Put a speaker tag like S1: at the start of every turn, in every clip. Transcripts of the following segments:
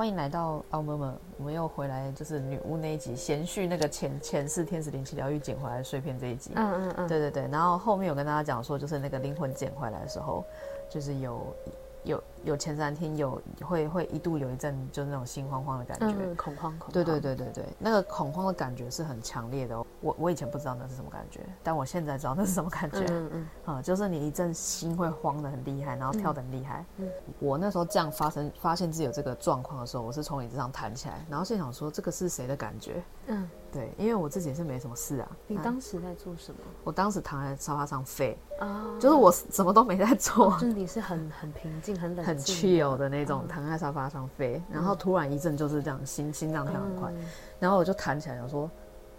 S1: 歡迎來到 AlMurmur，我們又回來，就是女巫那一集，延續那個前前世天使靈氣療癒撿回來的碎片這一集，嗯嗯嗯，對對對，然後後面有跟大家講說，就是那個靈魂撿回來的時候，就是有。有有前三天有會會一度有一陣，就是那種心慌慌的感覺、嗯恐慌，恐慌，對對對對對，那個恐慌的感覺是很強烈的、哦。我我以前不知道那是什麼感覺，但我現在知道那是什麼感覺，嗯，嗯嗯就是你一陣心會慌得很厲害，然後跳得很厲害、嗯嗯。我那時候這樣發生，發現自己有這個狀況的時候，我是從椅子上彈起來，然後心想說，這個是誰的感覺？嗯。對，因為我自己是沒什麼事啊。你當
S2: 時在做什麼？
S1: 啊、我當時躺在沙發上飛，oh, 就是我什麼都沒在做。就、oh, 是
S2: 你是很很平靜、很冷靜、很 chill
S1: 的那種，躺在沙發上飛，oh. 然後突然一陣就是這樣，心心臟跳很快，oh. 然後我就彈起來，我說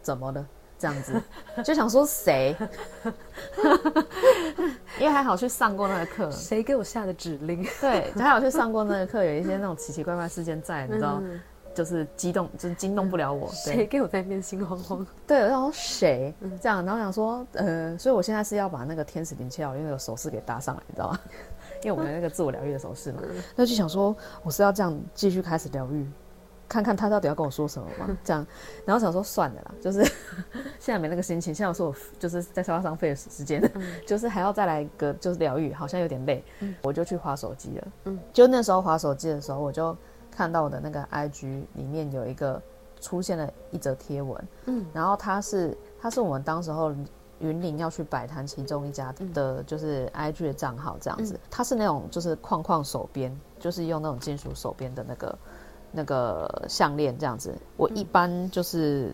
S1: 怎麼的？這樣子就想說，誰？ 因為還好去上過那個課，誰給我下的指令？對，就還好去上過那個課， 有一些那種奇奇怪怪事件在，你知道。 嗯就是激動，就是驚動不了我。誰跟我在一邊心慌慌？ 對，然後誰這樣？然後想說，呃，所以我現在是要把那個天使靈治療因為那個手勢給搭上來，你知道嗎？因為我們有那個自我療癒的手勢嘛。那就想說，我是要這樣繼續開始療癒，看看他到底要跟我說什麼嘛。這樣，然後想說，算了啦，就是 現在沒那個心情。現在我說我就是在沙發上費時間、嗯，就是還要再來一個就是療癒，好像有點累，嗯、我就去滑手機了。嗯，就那時候滑手機的時候，我就。看到我的那個 IG 裡面有一個出現了一則貼文，嗯，然後它是它是我們當時候雲林要去擺攤其中一家的，就是 IG 的賬號這樣子，嗯，它是那種就是框框手編，就是用那種金屬手編的那個那個項鏈這樣子。我一般就是、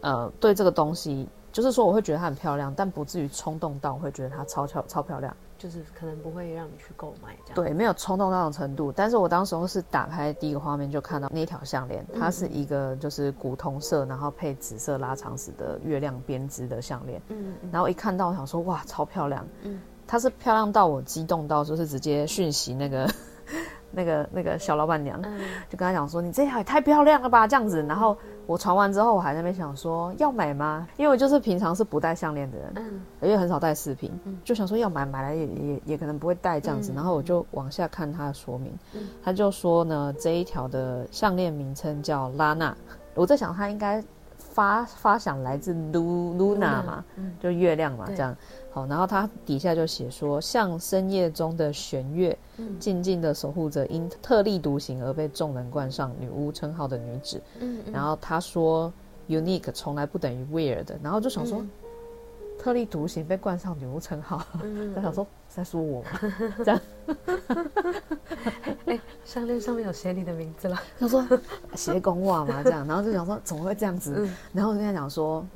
S1: 嗯、呃對這個東西，就是說我會覺得它很漂亮，但不至於衝動到我會覺得它超超超漂亮。
S2: 就是可能不會讓你去購買這樣，對，
S1: 沒有衝動那種程度。但是我當時候是打開第一個畫面就看到那條項鏈，它是一個就是古銅色，然後配紫色拉長石的月亮編織的項鏈。嗯，嗯，嗯，然後一看到我想說哇，超漂亮。嗯，它是漂亮到我激動到就是直接訊息那個。 那個那個小老闆娘、嗯、就跟他講說：“你這條也太漂亮了吧，這樣子。”然後我傳完之後，我還在那邊想說：“要買嗎？”因為我就是平常是不戴項鏈的人，嗯、而且很少戴飾品，就想說要買，買來也也也可能不會戴這樣子、嗯。然後我就往下看他的說明、嗯，他就說呢，這一條的項鏈名稱叫拉娜。我在想，他應該發發想來自露露娜嘛 Luna,、嗯，就月亮嘛，這樣。好，然後他底下就寫說：“像深夜中的弦樂。”靜靜的守護着因特立獨行而被眾人冠上女巫稱號的女子，嗯嗯、然後他說，unique 從來不等於 weird，的然後就想說，嗯、特立獨行被冠上女巫稱號，他、嗯、想說、嗯、在說我嗎、嗯？
S2: 這樣，哎、嗯，項 鏈、欸、上面有寫你的名字了，他說
S1: 寫公話嘛，這樣，然
S2: 後就想說怎麼會這樣子，嗯、然後現在想說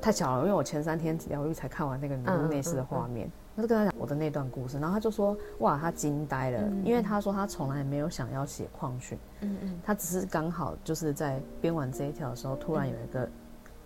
S1: 太巧了，因為我前三天兩日才看完那個女巫內飾的畫面。嗯嗯嗯嗯我就跟他講我的那段故事，然後他就說，哇，他驚呆了，因為他說他從來沒有想要寫礦訓，嗯嗯，他只是剛好就是在編完這一條的時候，突然有一個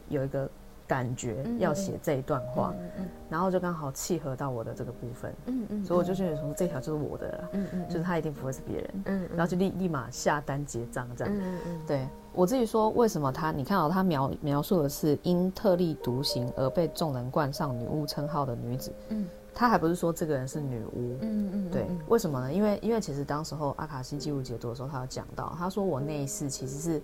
S1: 有一個感覺要寫這一段話，嗯，然後就剛好契合到我的這個部分，嗯嗯，所以我就覺得說這條就是我的了，嗯嗯，就是他一定不會是別人，嗯，然後就立立馬下單結賬這樣，嗯嗯，對我自己說為什麼他你看到他描描述的是因特立獨行而被眾人冠上女巫稱號的女子，嗯。他還不是說這個人是女巫，嗯嗯，嗯，嗯，
S3: 對，
S1: 為什麼呢？因為因為其實當時候阿卡西記錄解讀的時候，他有講到，他說我那一世其實是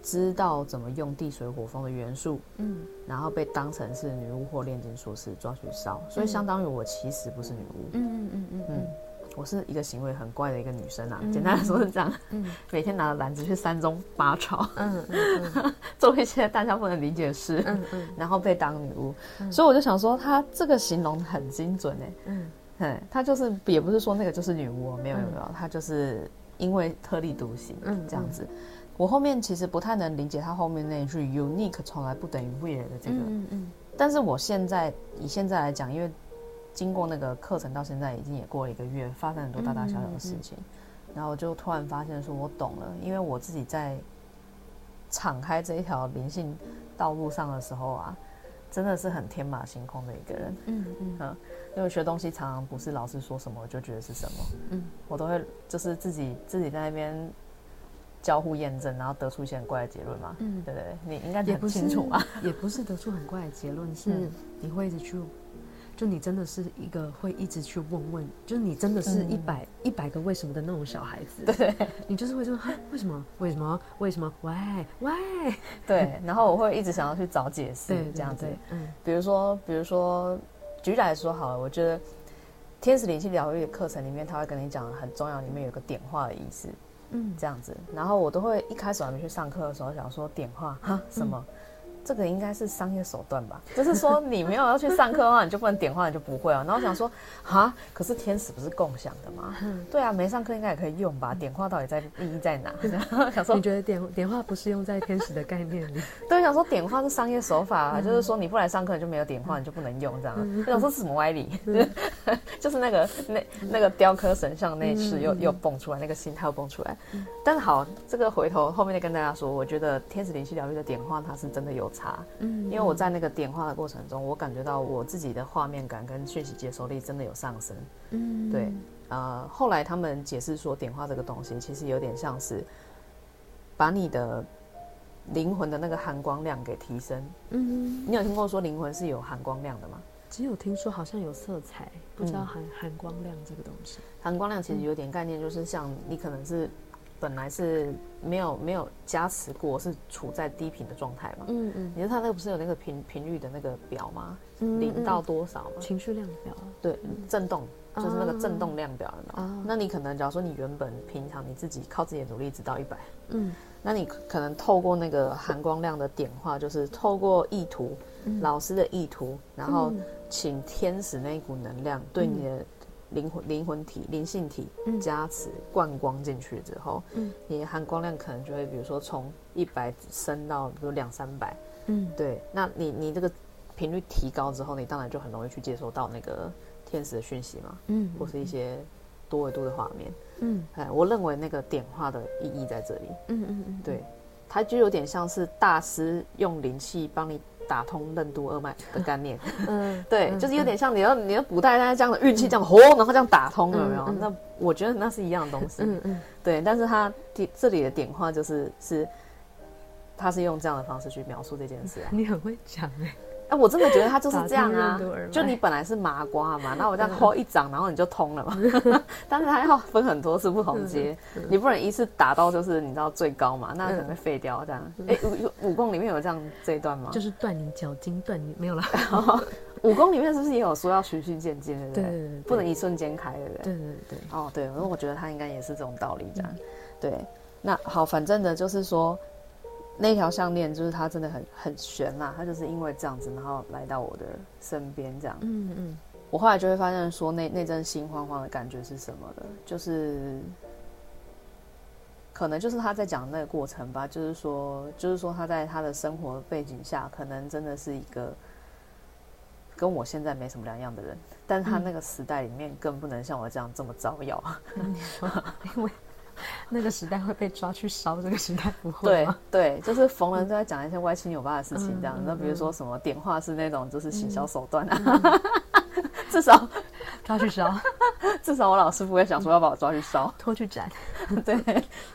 S1: 知道怎麼用地水火風的元素，嗯，然後被當成是女巫或煉金術士抓去燒，所以相當於我其實不是女巫，嗯嗯嗯嗯，嗯，嗯，嗯。我是一個行為很怪的一個女生啊，嗯、簡單來說是這樣，嗯、每天拿着籃子去山中拔草，嗯，嗯 做一些大家不能理解的事，嗯嗯，然後被當女巫，嗯、所以我就想說，她這個形容很精準哎嗯，對，她就是也不是說那個就是女巫，沒有沒有，她、嗯、就是因為特立獨行，嗯，這樣子，我後面其實不太能理解她後面那句 unique 從來不等於 weird 的這個，嗯嗯、嗯，但是我現在以現在來講，因為。經過那個課程到現在已經也過了一個月，發生很多大大小小的事情，嗯嗯嗯、然後就突然發現說，我懂了，因為我自己在敞開這一條靈性道路上的時候啊，真的是很天馬行空的一個人，嗯嗯,嗯,嗯，因為學東西常常不是老師說什麼就覺得是什麼，嗯，我都會就是自己自己在那邊交互驗證，然後得出一些很怪的結論嘛，嗯，對
S2: 不對？你應該也不清楚啊， 也不是得出很怪的結論，是、嗯、你會一直去。就你真的是一個會一直去問問，就是你真的是一百一百個為什麼的那種小孩子。對，你就是會說哈，為什麼？為什麼？為什麼餵餵，Why, Why? 對，然後我會一直想要去找解釋，這
S1: 樣子。嗯，比如說，比如說，舉例來說好了，我覺得天使靈氣療癒課程裡面，他會跟你講很重要，裡面有個點化的意思。嗯，這樣子，然後我都會一開始還沒去上課的時候，想要說點化哈什麼。嗯這個應該是商業手段吧，就是說你沒有要去上課的話， 你就不能點化，你就不會啊。然後想說，啊，可是天使不是共享的嗎？嗯？對啊，沒上課應該也可以用吧？嗯、點化到底在意義在哪？啊、 想說你覺
S2: 得點點化不是用在天使的概念
S1: 裡？對，想說點化是商業手法，啊嗯，就是說你不來上課你就沒有點化，嗯，你就不能用這樣。嗯、想說是什麼歪理？嗯、 就是那個那、嗯、那個雕刻神像那一次又、嗯又，蹦嗯、又蹦出來，那個心態又蹦出來。嗯、但是好，這個回頭後面再跟大家說。我覺得天使靈氣療癒的點化它是真的有。差，嗯，因為我在那個點化的過程中，嗯、我感覺到我自己的畫面感跟訊息接收力真的有上升，嗯，對，呃，後來他們解釋說，點化這個東西其實有點像是把你的靈魂的那個含光量給提升，嗯，你有聽過說靈魂是有含光量的嗎？
S2: 其實我聽說好像有色彩，不知道含含光量這個東西。
S1: 含光量其實有點概念，就是像你可能是。本來是沒有沒有加持過，是處在低頻的狀態嘛。嗯嗯，你說它那個不是有那個頻頻率的那個表嗎？嗯嗯，零到多少嘛？情緒量表對、嗯，震動就是那個震動量表了嘛？啊、哦，那你可能假如說你原本平常你自己靠自己的努力只到一百，嗯，那你可能透過那個含光量的點化，就是透過意圖、嗯、老師的意圖，然後請天使那一股能量對你的、嗯。靈魂靈魂體靈性體加持灌光進去之後，嗯，你含光量可能就會，比如說從一百升到比如兩三百，嗯，對，那你你這個頻率提高之後，你當然就很容易去接收到那個天使的訊息嘛，嗯，嗯，或是一些多維度的畫面，嗯，哎，我認為那個點化的意義在這裡，嗯嗯嗯，對，它就有點像是大師用靈氣幫你。打通任督二脈的概念， 嗯，對，嗯，就是有點像你要、嗯、你要古代大家這樣的運氣、嗯、這樣轟，然後這樣打通了、嗯、沒有、嗯？那我覺得那是一樣的東西，嗯嗯，對。但是他這裡的點化就是是，他是用這樣的方式去描述這件事、啊，
S2: 你很會講哎、欸。哎、啊，我真的覺得他就是這樣啊， 就你
S1: 本來是麻瓜嘛，然後我這樣敲一掌，然後你就通了嘛。 但是它要分很多次不同階、 嗯嗯，你不能一次打到就是你知道最高嘛，那可能會廢掉這樣、嗯嗯欸武。武功裡面有這樣這一段嗎？就是
S2: 斷你腳筋，斷你沒有了
S1: 哦。武功裡面是不是也有說要循序漸進？對對，對對，不能一瞬間開對不對對對。對對對，對哦。哦對，反正我覺得他應該也是這種道理這樣。嗯、對，那好，反正呢就是說。那條項鏈就是他真的很很玄啦、啊，他就是因為這樣子，然後來到我的身邊這樣。嗯嗯。我後來就會發現說那，那那陣心慌慌的感覺是什麼的，就是可能就是他在講的那個過程吧，就是說，就是說他在他的生活背景下，可能真的是一個跟我現在沒什麼兩樣的人，但是他那個時代裡面更不能像我這樣這麼招搖、嗯。你說，
S2: 因為。那個時代會被抓去燒，這個時代不會。對
S1: 對，就是逢人都在講一些歪七扭八的事情，這樣、嗯。那比如說什麼點化是那種就是行銷手段啊，嗯嗯、呵呵至少抓去燒，至少我老師不會想說要把我抓去燒，拖去斬。對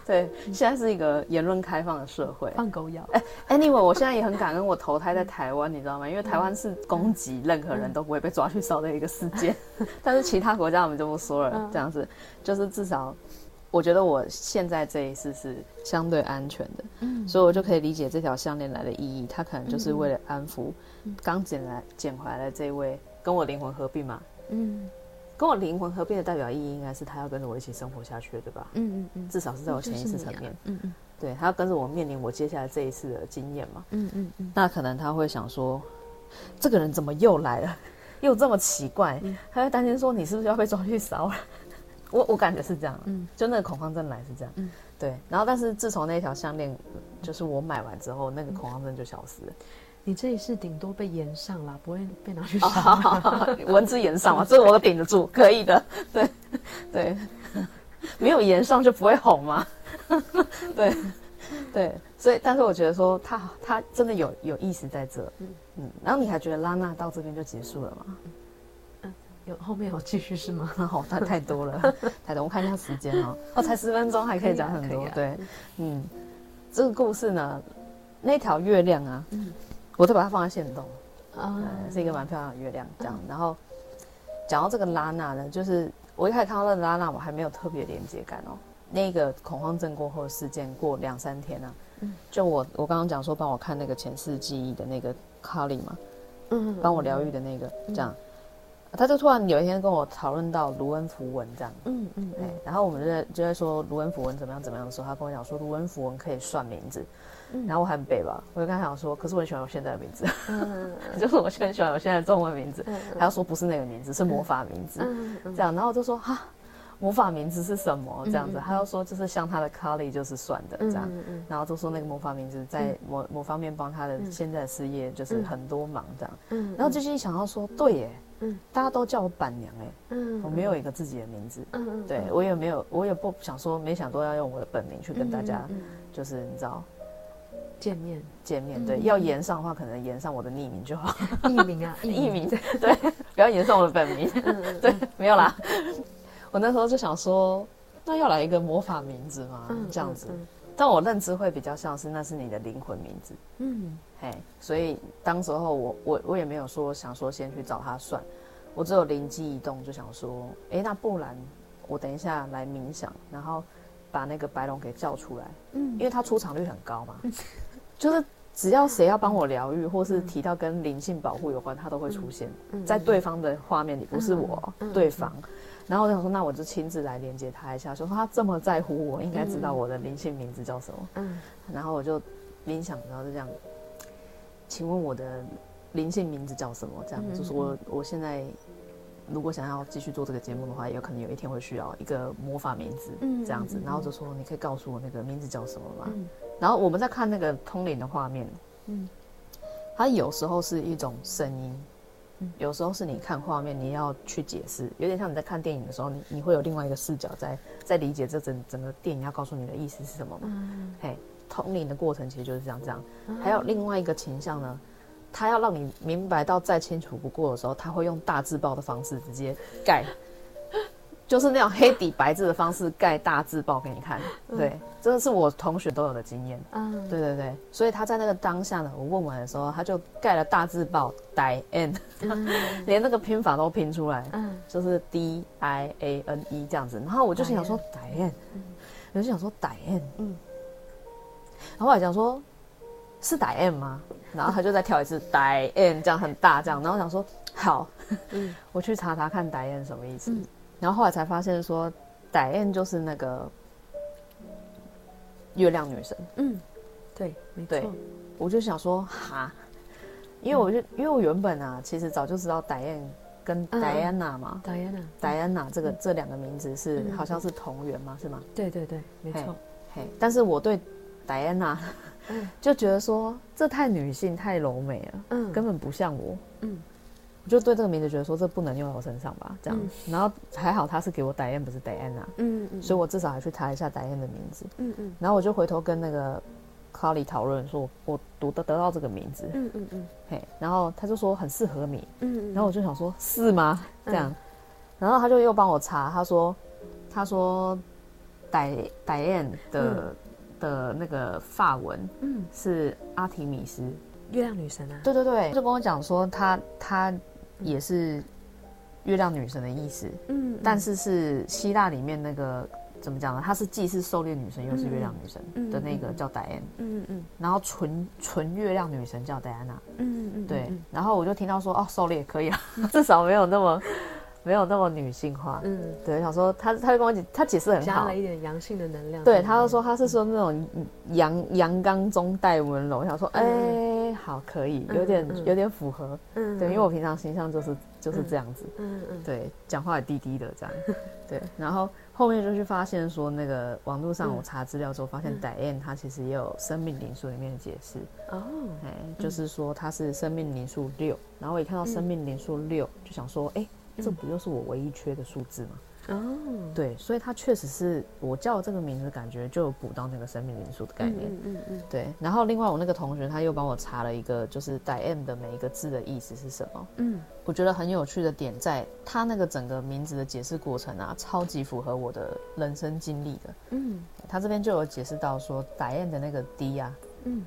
S1: 對、嗯，現在是一個言論開放的社會，放狗咬。哎、欸、anyway，欸、我現在也很感恩我投胎在台灣、嗯，你知道嗎？因為台灣是攻擊任何人都不會被抓去燒的一個事件、嗯嗯。但是其他國家我們就不說了，嗯、這樣子就是至少。我覺得我現在這一世是相對安全的，嗯，嗯，所以我就可以理解這條項鏈來的意義，它可能就是為了安撫嗯嗯剛撿來撿回來的這一位跟我靈魂合併嘛，嗯，跟我靈魂合併的代表意義應該是他要跟着我一起生活下去，對吧？嗯嗯嗯，至少是在我潛意識層面嗯、啊，嗯嗯，對，他要跟着我面臨我接下來這一世的經驗嘛，嗯嗯嗯，那可能他會想說，這個人怎麼又來了， 又這麼奇怪、嗯，他會擔心說你是不是要被抓去燒了？ 我我感覺是這樣嗯，就那個恐慌症來是這樣，嗯，對，然後但是自從那條項鏈，就是我買完之後，那個恐慌症就消失了。你這一次頂多被炎上了，不會被拿去燒，文字炎上嘛， 這我都頂得住，可以的，對對,對，沒有炎上就不會紅嘛。對對,對，所以但是我覺得說它它真的有有意思在這，嗯嗯，然後你還覺得拉娜到這邊就結束了嗎？有後面有繼續是嗎？那、哦、好，他太多了， 太多。我看一下時間哦， 哦，才十分鐘，還可以講很多。啊啊、對嗯、啊，嗯，這個故事呢，那條月亮啊，嗯，我都把它放在限動，啊、
S2: 嗯，是
S1: 一個蠻漂亮的月亮，嗯、這樣。然後講到這個拉娜呢，就是我一開始看到那個拉娜，我還沒有特別連結感哦。那個恐慌症過後的事件，過兩三天呢、啊，嗯，就我我剛剛講說幫我看那個前世記憶的那個卡里嘛，嗯哼
S3: 哼哼，幫我療癒
S1: 的那個，嗯、哼哼這樣。嗯啊、他就突然有一天跟我討論到盧恩符文這樣，嗯嗯，
S3: 哎、
S1: 欸，然後我們就在就在說盧恩符文怎麼樣怎麼樣的時候，他跟我講說盧恩符文可以算名字，
S3: 嗯、然後我很
S1: 背吧，我就跟他講說，可是我很喜歡我現在的名字，嗯、 就是我很喜歡我現在的中文名字，嗯、他還要說不是那個名字，嗯、是魔法名字、嗯，這樣，然後我就說哈，魔法名字是什麼？這樣子，嗯嗯、他要說就是像他的卡里就是算的這樣，嗯嗯、嗯，然後就說那個魔法名字在某、嗯、某方面幫他的現在的事業就是很多忙這樣，嗯，嗯然後就是一想要說、嗯、對耶。嗯，大家都叫我板娘，哎、欸，嗯，我沒有一個自己的名字，嗯嗯，嗯，對，我也沒有，我也不想說，沒想過要用我的本名去跟大家，嗯嗯嗯、就是你知道，見面見面、嗯，對，要炎上的話，可能炎上我的匿名就好，匿名啊， 匿名對， 不要炎上我的本名，嗯、 對，沒有啦、嗯，我那時候就想說，那要來一個魔法名字嗎？嗯、這樣子、嗯嗯，但我認知會比較像是那是你的靈魂名字，嗯。嘿、hey，所以當時候我我我也沒有說想說先去找他算，我只有靈機一動就想說，哎、欸，那不然我等一下來冥想，然後把那個白龍給叫出來，嗯，因為他出場率很高嘛，嗯、就是只要誰要幫我療癒或是提到跟靈性保護有關，他都會出現、嗯、在對方的畫面裡，不是我、嗯，對方，然後我想說，那我就親自來連接他一下，說他這麼在乎我，應該知道我的靈性名字叫什麼，嗯，然後我就冥想，然後就這樣。請問我的靈性名字叫什麼？這樣就是我我現在如果想要繼續做這個節目的話，也有可能有一天會需要一個魔法名字，這樣子嗯嗯嗯嗯。然後就說你可以告訴我那個名字叫什麼嗎、嗯？然後我們在看那個通靈的畫面，嗯，它有時候是一種聲音，嗯、有時候是你看畫面，你要去解釋，有點像你在看電影的時候，你你會有另外一個視角在在理解這整整個電影要告訴你的意思是什麼嗎？嗯、嘿。通靈的過程其實就是這樣，這樣，還有另外一個傾向呢，他要讓你明白到再清楚不過的時候，他會用大字報的方式直接蓋， 就是那種黑底白字的方式蓋大字報給你看。對，真、嗯、的是我同學都有的經驗。嗯，對對對，所以他在那個當下呢，我問完的時候，他就蓋了大字報，Diane，、嗯、 連那個拼法都拼出來，就是 D I A N E 這樣子。然後我就想說 Diane，、嗯、我就想說 Diane，嗯。然後後來想說，是黛安嗎？然後他就再跳一次黛安，這樣很大這樣。 然後我想說，好，嗯、 我去查查看黛安什麼意思、嗯。然後後來才發現說，黛安就是那個月亮女神。嗯，嗯對，沒錯。我就想說哈，因為我就、嗯、因為我原本啊，其實早就知道黛安跟戴安娜嘛，戴安娜，戴安娜這個、嗯、這兩個名字是、嗯、好像是同源嘛、嗯、是嗎？對對對，對，沒錯。嘿、hey, hey，但是我對。戴安娜， 就覺得說這太女性、太柔美了，嗯，根本不像我，嗯，我就對這個名字覺得說這不能用在我身上吧，這樣。嗯、然後還好他是給我戴安，不是戴安
S3: 娜，嗯，所以我
S1: 至少還去查一下戴安的名字，
S3: 嗯嗯。
S1: 然後我就回頭跟那個卡里討論說，我讀得得到這個名字，嗯嗯嗯，嘿、嗯，hey, 然後他就說很適合你、嗯，嗯，然後我就想說、嗯、是嗎？這樣，嗯、然後他就又幫我查，他說，他說戴戴安的、嗯。的那個發文嗯，是阿提米斯，
S2: 月亮女神啊，對對對，就
S1: 跟我講說她她也是月亮女神的意思，嗯，嗯，但是是希臘裡面那個怎麼講呢？她是既是狩獵女神又是月亮女神的那個叫戴安，嗯嗯，嗯，嗯，嗯，然後純純月亮女神叫戴安娜，嗯嗯，對，然後我就聽到說哦，狩獵也可以了，啊、 至少沒有那麼、嗯。 沒有那麼女性化，嗯，對，我想說他，他就跟我解，他解釋很好，加了一
S2: 點陽性的能量，對，他就
S1: 說他是說那種陽、嗯、陽剛中帶溫柔，我想說，哎、嗯欸，好可以，嗯、有點、嗯、有點符合，嗯，對，因為我平常形象就是就是這樣子，嗯嗯，嗯，對，講話也滴滴的這樣呵呵，對，然後後面就去發現說那個網路上我查資料之後發現戴燕、嗯嗯、他其實也有生命靈數裡面的解釋，哦，哎、嗯，就是說他是生命靈數六，然後我一看到生命靈數六就想說，哎、欸。這不就是我唯一缺的數字嗎？哦、嗯，
S3: 對，
S1: 所以它確實是我叫這個名字，感覺就有補到那個生命靈數的概念。嗯嗯,嗯對。然後另外我那個同學他又幫我查了一個，就是 “Daine” 的每一個字的意思是什麼？嗯，我覺得很有趣的點在他那個整個名字的解釋過程啊，超級符合我的人生經歷的。嗯，他這邊就有解釋到說 “Daine” 的那個 “d” 啊，嗯。嗯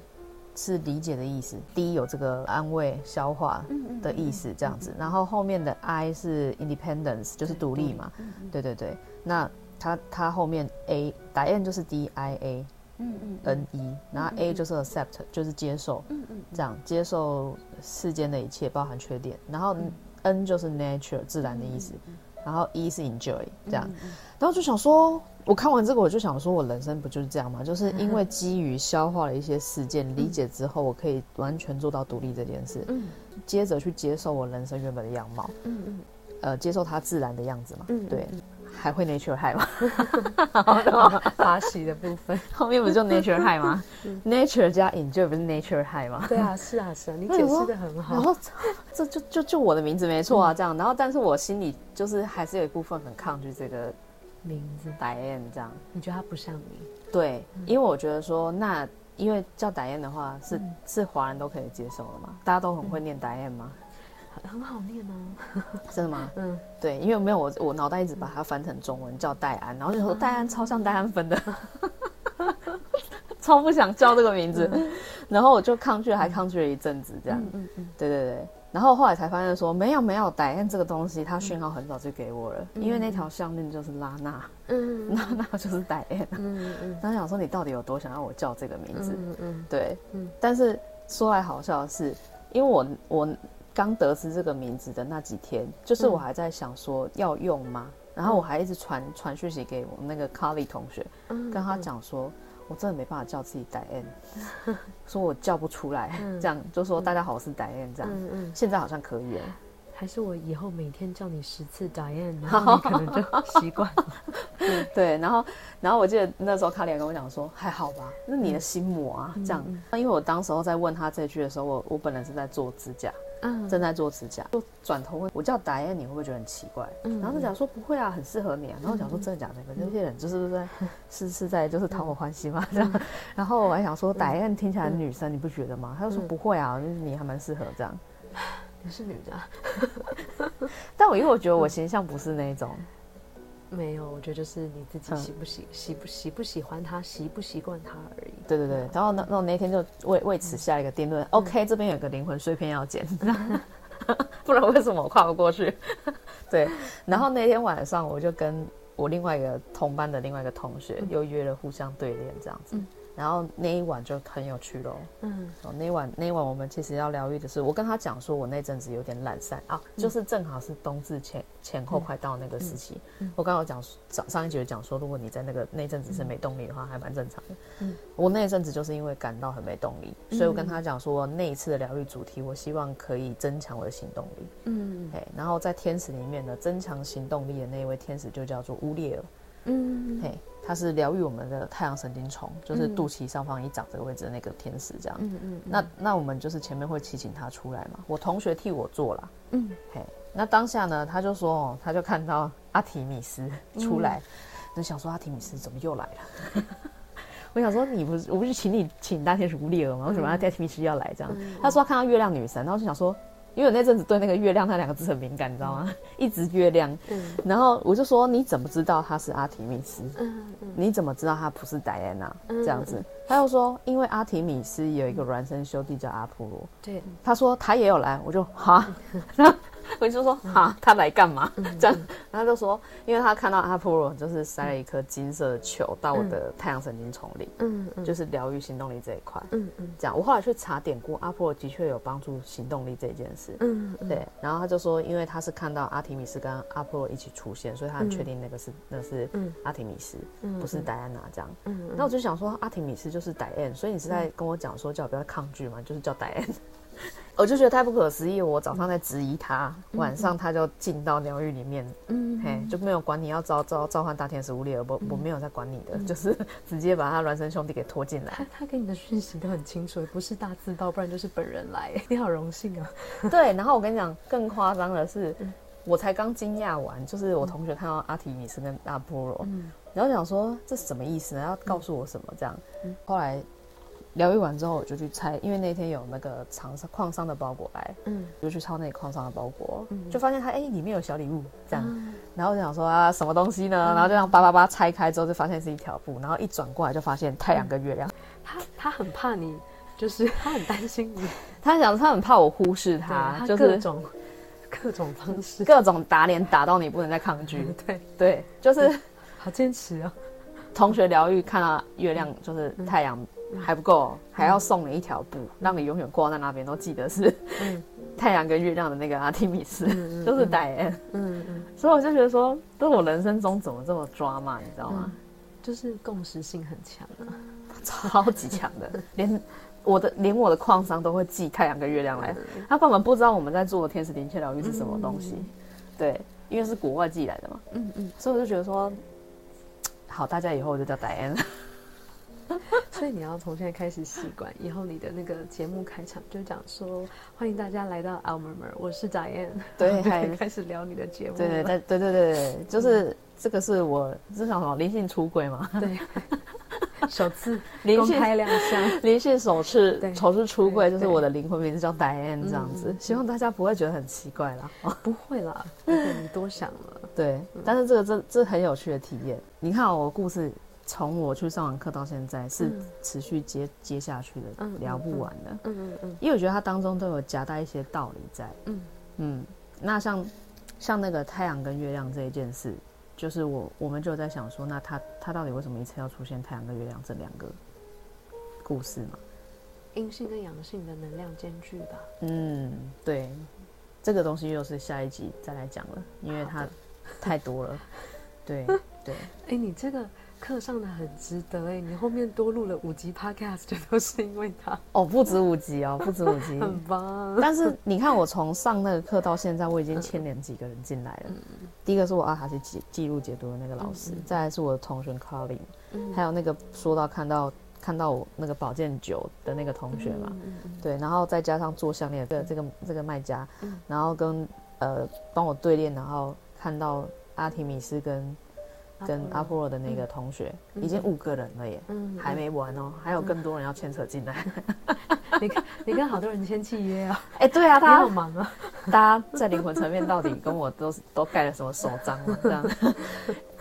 S1: 是理解的意思。D 有這個安慰、消化的意思，這樣子。然後後面的 I 是 independence，就是獨立嘛、 嗯。對對對。那它它後面 A Diane 就是 D I A，嗯嗯，N E。然後 A 就是 accept，就是接受，嗯嗯，這樣接受世間的一切，包含缺點。然後 N 就是 nature，自然的意思。然後一是 enjoy 這樣，嗯嗯，然後就想說，我看完這個我就想說，我人生不就是這樣嗎？就是因為基於消化了一些事件，嗯，理解之後，我可以完全做到獨立這件事。嗯，接着去接受我人生原本的樣貌。嗯，嗯，呃，接受它自然的樣子嘛。嗯嗯嗯，對。還會 nature high 嗎？ 好，法語的部分後面不就 nature high 嗎 ？nature 加 injure 不是 nature high 嗎？對啊，是啊，
S2: 是啊，你解釋得很好。哎
S1: 啊、然後這，這就就就我的名字沒錯啊、嗯，這樣。然後，但是我心裡就是還是有一部分很抗拒這個名字 Diane 這樣。
S2: 你覺得他不像你？
S1: 對，嗯、因為我覺得說那因為叫 Diane 的話是、嗯、是華人都可以接受的嘛？大家都很會念 Diane 嗎？嗯嗯
S2: 很好
S1: 念啊， 真的嗎？嗯，對，因為沒有我，我腦袋一直把它翻成中文、嗯、叫戴安，然後就說戴安超像戴安芬的，啊、 超不想叫這個名字，嗯、然後我就抗拒，還抗拒了一陣子，這樣，嗯嗯，嗯，對對對，然後後來才發現說沒有沒有，戴安這個東西，它訊號很早就給我了，嗯、因為那條項鏈就是拉娜、嗯，嗯拉娜就是戴安，嗯嗯， 然後想說你到底有多想要我叫這個名字，嗯嗯，對嗯，但是說來好笑的是，因為我我。剛得知這個名字的那幾天，就是我還在想說要用嗎？嗯、然後我還一直傳傳訊息給我那個卡里同學，嗯、跟他講說、嗯，我真的沒辦法叫自己 Diane 說我叫不出來，嗯、這樣就說大家好，我是 Diane 這樣、嗯嗯嗯。現在好像可以了、欸，
S2: 還是我以後每天叫你十次 Diane 呢？你可能
S1: 就習慣了、 嗯。對，然後然後我記得那時候卡里還跟我講說，還好吧，那你的心魔啊、嗯、這樣。那、嗯嗯、因為我當時候在問他這句的時候，我我本人是在做指甲。嗯，正在做指甲，就轉頭問我叫 Diane，你會不會覺得很奇怪？嗯、然後他講說不會啊，很適合你啊。嗯、然後我講說真的假的、那個？因、嗯、這些人就是在、嗯、是是在就是討我歡喜嘛、嗯、這樣。然後我還想說 Diane、嗯、聽起來女生、嗯、你不覺得嗎？他、嗯、就說不會啊，就是你還蠻適合這樣。
S2: 你、嗯、是女的， 但我因為我覺得我形象不是那一種。沒有，我覺得就是你自己喜不喜、嗯、喜不喜、不喜歡他、習不習慣他而
S1: 已。對對對，然後那那我那天就為為此下一個定論。嗯、OK、嗯、這邊有一個靈魂碎片要剪，嗯、 不然為什麼我跨不過去？ 對。然後那天晚上我就跟我另外一個同班的另外一個同學又約了互相對練這樣子。嗯嗯、然後那一晚就很有趣嘍。嗯，那一晚那一晚我們其實要療癒的是，我跟他講說我那陣子有點懶散啊，就是正好是冬至前。嗯前後快到那個時期、嗯嗯嗯，我剛剛講上上一集講說，如果你在那個那陣子是沒動力的話，還蠻正常的。嗯、我那一陣子就是因為感到很沒動力，所以我跟他講說、嗯，那一次的療癒主題，我希望可以增強我的行動力。嗯，嗯然後在天使裡面呢，增強行動力的那一位天使就叫做烏列爾。嗯，嘿，他是療癒我們的太陽神經叢就是肚臍上方一掌這個位置的那個天使，這樣。嗯嗯,嗯。那那我們就是前面會祈請他出來嘛？我同學替我做啦。嗯，嘿。那當下呢，他就說，他就看到阿提米斯出來，那、嗯、想說阿提米斯怎麼又來了？ 我想說，你不是，我不是請你請大天使屋列爾嗎、嗯？為什麼要阿提米斯要來這樣、嗯嗯？他說他看到月亮女神，然後就想說，因為我那陣子對那個月亮那兩個字很敏感，你知道嗎？嗯、一直月亮、嗯，然後我就說你怎麼知道他是阿提米斯？嗯嗯、你怎麼知道他不是戴安娜？這樣子，他又說因為阿提米斯有一個孿生兄弟叫阿普羅，對，他說他也有來，我就哈。我就說哈，他來幹嘛？嗯、這樣，然後他就說，因為他看到阿波羅，就是塞了一顆金色的球、嗯、到我的太陽神經叢裡、嗯，嗯，就是療癒行動力這一塊，嗯嗯，這樣。我後來去查典故，阿波羅的確有幫助行動力這件事，嗯，嗯，對。然後他就說，因為他是看到阿提米斯跟阿波羅一起出現，所以他很確定那個是、嗯、那個是，那個、是阿提米斯，嗯、不是戴安娜這樣。嗯，那、嗯、我就想說，阿提米斯就是戴安，所以你是在跟我講說叫我不要抗拒嘛，就是叫戴安我就覺得太不可思議，我早上在質疑他、嗯，晚上他就進到療癒裡面，嗯，
S3: 嘿嗯，就
S1: 沒有管你要召召召喚大天使烏列爾、嗯，我我沒有在管你的，嗯、就是直接把他孿生兄弟給拖進來。
S2: 他給你的訊息都很清楚，不是大自道不然就是本人來。你好榮幸啊、哦。
S1: 對，然後我跟你講，更誇張的是，嗯、我才剛驚訝完，就是我同學看到阿提米斯跟阿波羅、嗯，然後想說這是什麼意思呢？要告訴我什麼？這樣、嗯，後來。療癒完之後，我就去拆，因為那天有那個廠商礦商的包裹來，嗯，就去抄那個礦商的包裹，嗯，就發現他哎、欸、裡面有小禮物這樣，嗯、然後我就想說啊什麼東西呢？嗯、然後就讓叭叭叭拆開之後，就發現是一條布，然後一轉過來就發現太陽跟月亮。嗯、
S2: 他他很怕你，就是他很擔心你，
S1: 他想說他很怕我忽視他，他就是各種各種方式，各種打臉打到你不能再抗拒，嗯、對對，就是、
S2: 嗯、好堅持哦。
S1: 同學療癒，看到月亮就是、嗯、太陽還不夠、嗯嗯，還要送你一條布、嗯，讓你永遠掛在那邊，都記得是、嗯、 太陽跟月亮的那個阿提米斯，嗯嗯、都是 Diane。嗯
S3: 嗯，
S1: 所以我就覺得說，都、嗯、我人生中怎麼這麼 drama，你知道嗎、嗯？就是共時性很強的、啊，超級強的, 的，連我的連我的礦商都會寄太陽跟月亮來，他根本不知道我們在做的天使靈氣療癒是什麼東西、嗯。對，因為是國外寄來的嘛。嗯嗯，所以我就覺得說。好，大家以後我就叫戴安。
S2: 所以你要從現在開始習慣，以後你的那個節目開場就講說：“歡迎大家來到《AlMurmur》，我是戴安。”對，我們開始聊你的節目。對。對，
S1: 對，對，對，對，就是這個是我至少好，靈性出軌嘛？對。 首次公開亮相 連續，連續首次首次出櫃，就是我的靈魂名字叫 Diane 這，這樣子，希望大家不會覺得很奇怪啦，嗯嗯、 不
S2: 會啦，你多想了。
S1: 對、嗯，但是這個這這很有趣的體驗。你看我故事，從我去上完課到現在，是持續接接下去的，嗯，聊不完的。嗯嗯嗯，嗯，因為我覺得它當中都有夾帶一些道理在。嗯嗯，那像像那個太陽跟月亮這一件事。就是我，我們就在想說，那他他到底為什麼一次要出現太陽跟月亮這兩個故事嘛？
S2: 陰性跟陽性的能量兼具吧。嗯，
S1: 對，這個東西又是下一集再來講了、嗯，因為它太多了。
S2: 對 對，哎，欸、你這個。課上的很值得哎，你後面多錄了五集 Podcast，全都是因為他。哦，不止五集哦，不止五集， 很棒啊。但是
S1: 你看，我從上那個課到現在，我已經牽連幾個人進來了，嗯。第一個是我阿卡西記記錄解讀的那個老師，嗯嗯、再來是我的同學 Colin、嗯、還有那個說到看到看到我那個寶劍九的那個同學嘛，嗯嗯嗯、對，然後再加上做項鏈的這個、嗯這個、這個賣家，嗯、然後跟呃幫我對練，然後看到阿提米斯跟跟阿波羅的那個同學，嗯、已經五個人了耶，嗯、還沒完哦、嗯，還有更多人要牽扯進來。嗯、 你
S2: 看你跟好多人簽契約啊？哎、欸，對啊，他很忙
S1: 啊。大家在靈魂層面到底跟我都 都蓋了什麼手章了？這樣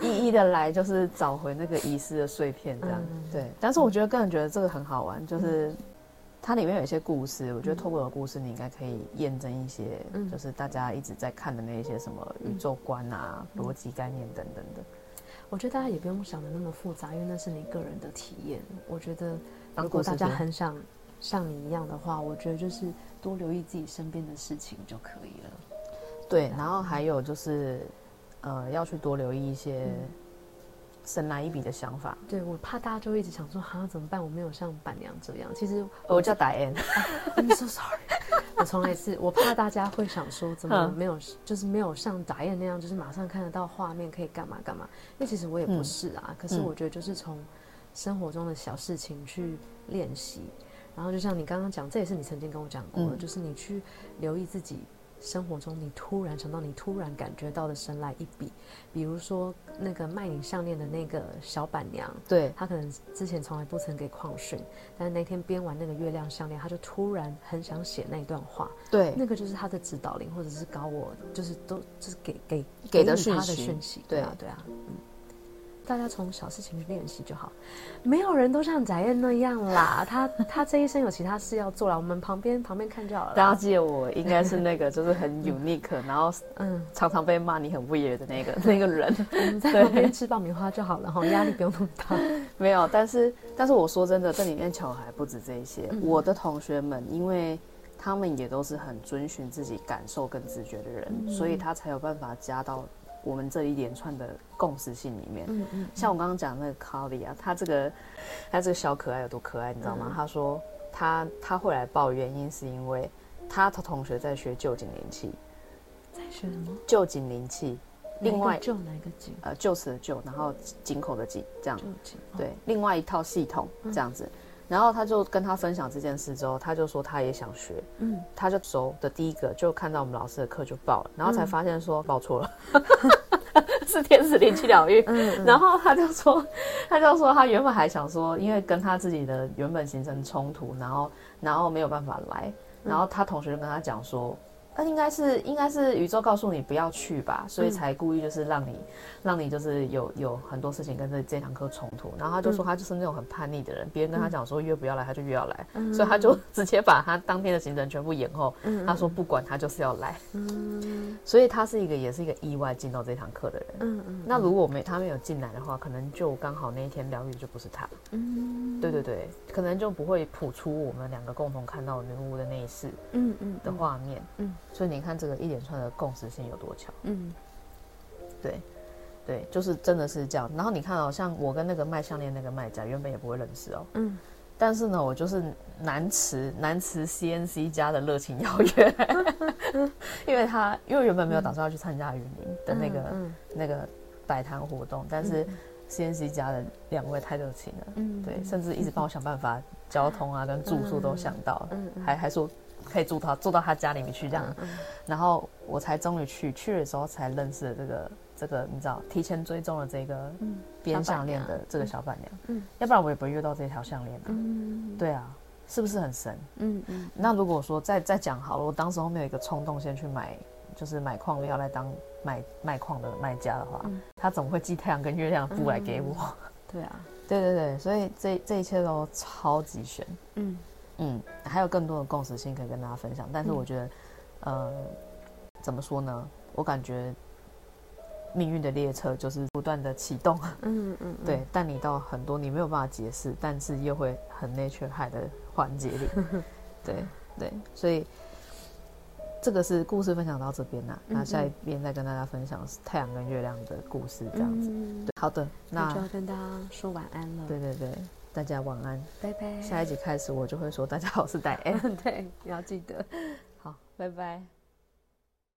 S1: 一一的來，就是找回那個遺失的碎片。這樣、嗯、對、嗯，但是我覺得個人覺得這個很好玩，嗯、就是它裡面有一些故事，嗯、我覺得透過的故事你應該可以驗證一些、嗯，就是大家一直在看的那些什麼宇宙觀啊、邏、嗯、輯概念等等的。
S2: 我覺得大家也不用想得那麼複雜，因為那是你個人的體驗。我覺得如果大家很想像你一樣的話，我覺得就是多留意自己身邊的事情就可以了。
S1: 對，然後還有就是，呃，要去多留意一些、嗯。神來一筆的想法，
S2: 對，我怕大家就一直想說，啊，怎麼辦？我沒有像板娘這樣。其實我，我叫 Diane、啊、I'm so sorry。 我從來是，我怕大家會想說，怎麼沒有， 就是沒有像 Diane 那樣，就是馬上看得到畫面，可以幹嘛幹嘛？那其實我也不是啊、嗯。可是我覺得就是從生活中的小事情去練習、嗯，然後就像你剛剛講，這也是你曾經跟我講過的、嗯，就是你去留意自己。生活中，你突然想到，你突然感覺到的神來一筆，比如說那個賣你項鏈的那個老闆娘，對，她可能之前從來不曾給礦訓，但是那天編完那個月亮項鏈，她就突然很想寫那一段話。對，那個就是她的指導靈，或者是高我，就是都就是給給給的是她的給的訊息。對啊，對啊。對啊，嗯。大家從小事情去練習就好，沒有人都像翟燕那樣啦。 他他這一生有其他事要做啦，我們旁邊旁邊看就好了。大家記得
S1: 我應該是那個就是很 unique， 然後嗯，常常被罵你很不 e 的那個 那個人。 對，吃
S2: 爆米花就好了，然壓力不用那麼大。
S1: 沒有，但是但是我說真的，這裡面巧還不止這一些。 我的同學們，因為他們也都是很遵循自己感受跟直覺的人， 嗯、所以他才有辦法加到。我們這一連串的共識性裡面，嗯嗯，像我剛剛講那個 Kali 啊、嗯，他這個，他這個小可愛有多可愛，你知道嗎？嗯、他說他他會來抱怨，原因是因為他的同學在學舊井靈氣，在學什麼？舊井靈氣，另外舊哪個井？呃，舊時的舊，然後井口的井，這樣、哦、對，另外一套系統這樣子。嗯然後他就跟他分享這件事之後，他就說他也想學，嗯，他就走的第一個就看到我們老師的課就報了，然後才發現說、嗯、報錯了， 是天使靈氣療癒，嗯，嗯，然後他就說，他就說他原本還想說，因為跟他自己的原本行程衝突，然後然後沒有辦法來、嗯，然後他同學就跟他講說。那應該是應該是宇宙告訴你不要去吧，所以才故意就是讓你、嗯、讓你就是有有很多事情跟這這堂課衝突。然後他就說他就是那種很叛逆的人，別、嗯、人跟他講說越不要來，他就越要來、嗯，所以他就直接把他當天的行程全部延後。嗯、他說不管他就是要來、嗯，所以他是一個也是一個意外進到這一堂課的人。嗯嗯。那如果沒他沒有進來的話，可能就剛好那一天療癒就不是他。嗯，對對對，可能就不會譜出我們兩個共同看到女巫的那一世。嗯嗯。的畫面。嗯。嗯嗯所以你看這個一連串的共時性有多強？嗯，對，對，就是真的是這樣。然後你看哦、喔，像我跟那個賣項鏈那個賣家原本也不會認識哦、喔，嗯，但是呢，我就是難辭難辭 CNC 家的熱情邀約、嗯嗯， 因為他因為原本沒有打算要去參加雲林的那個、嗯嗯、那個擺攤活動，但是 CNC 家的兩位太熱情了嗯，嗯，對，甚至一直幫我想辦法交通啊跟住宿都想到了、嗯嗯嗯嗯，還還說。可以住他，住到他家裡面去這樣，嗯嗯然後我才終於去，去的時候才認識了這個這個，你知道，提前追蹤了這個編、嗯、項鏈的這個小板娘嗯，嗯，要不然我也不會遇到這條項鏈的，嗯,
S3: 嗯,嗯,嗯，
S1: 對啊，是不是很神？嗯嗯，那如果說再再講好了，我當時沒有一個衝動先去買，就是買礦料要來當買賣礦的賣家的話，嗯、他怎麼會寄太陽跟月亮的布來給我？嗯嗯嗯對啊， 對對對，所以這這一切都超級懸嗯。嗯，還有更多的共識性可以跟大家分享，但是我覺得，嗯、呃，怎麼說呢？我感覺命運的列車就是不斷的啟動，嗯嗯、嗯，對，帶你到很多你沒有辦法解釋，但是又會很 nature high 的環節裡，對對，所以這個是故事分享到這邊啦，啊，那、嗯嗯、下一邊再跟大家分享太陽跟月亮的故事，這樣子、嗯。好的，那就要
S2: 跟大家說晚安了。對
S1: 對對。大家晚安，
S2: 拜拜。下一集開始，我就會說大家好，我是戴安。對，你要記得。好，拜拜。